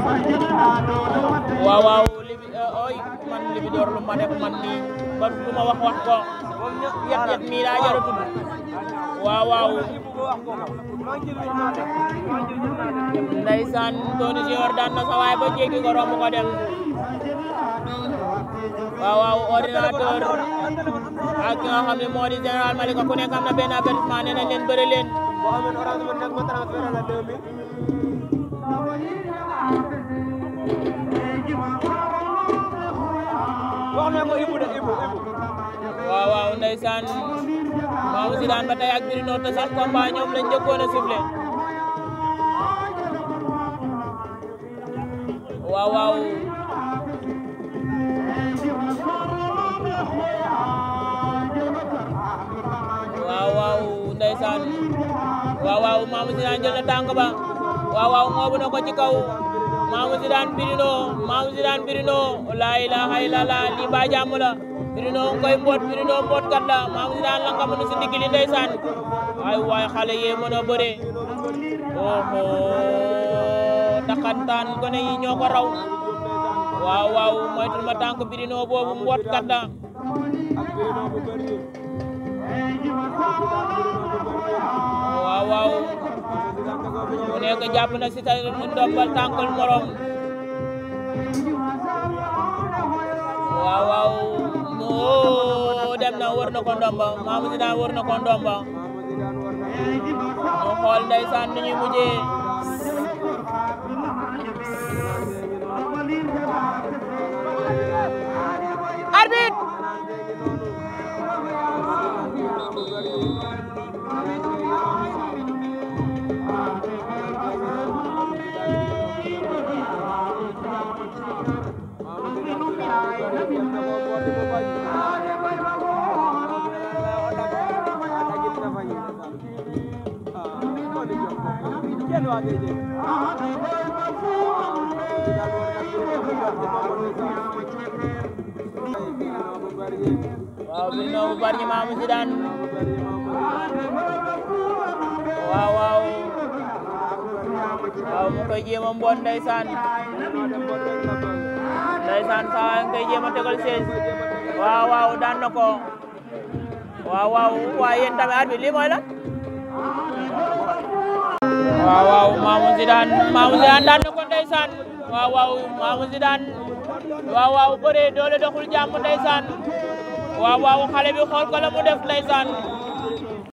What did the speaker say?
waaw waaw li bi eh, man li door lu ma def man nii man lu ma wax wax ko yet yet mii daa jar a waaw waaw ndeysaan Tony Junior daan na sa waay ba jéggi ko romb waaw waaw ordinateur ak nga xam ne moo di Malika ku nekk am na benn avertissement nee na leen bëri leen ndeysaan Mamou Zidane ba tey ak Bruno a sifflé jël na tànk ba waaw ngoobu na ci kaw Mamou Zidane Birino Mamou Zidane Birino laa ilaaha illallah lii ba jàmm la Birino ngoy mboot Birino mboot kat la Mamou Zidane la nga mën si ndigili ndeysaan ay waay xale yee mën a bëre oho takantaan gone yi ñoo ko raw waaw waaw moytul ma tànk Birino boobu mboot kat mu nekk jàpp na si sa ndombal tànkal morom waaw waaw moo dem na wër na ko ndomba Mamou Zidane wër na ko ndomba mu xool ndeysaan nu ñuy mujjee arbitre waaw bi noo bu bari maamu si daan waaw waaw mu koy jéem a mboon ndeysaan ndeysaan saa nga tegal seen waaw daan na ko waaw waaw waaye yéen tamit at bi lii mooy waaw waaw Maamu Zidane Maamu Zidane daan na ko ndeysaan waaw waaw Maamu Zidane waaw waaw bëree doole doxul jàmm ndeysaan waaw waaw xale bi xool ko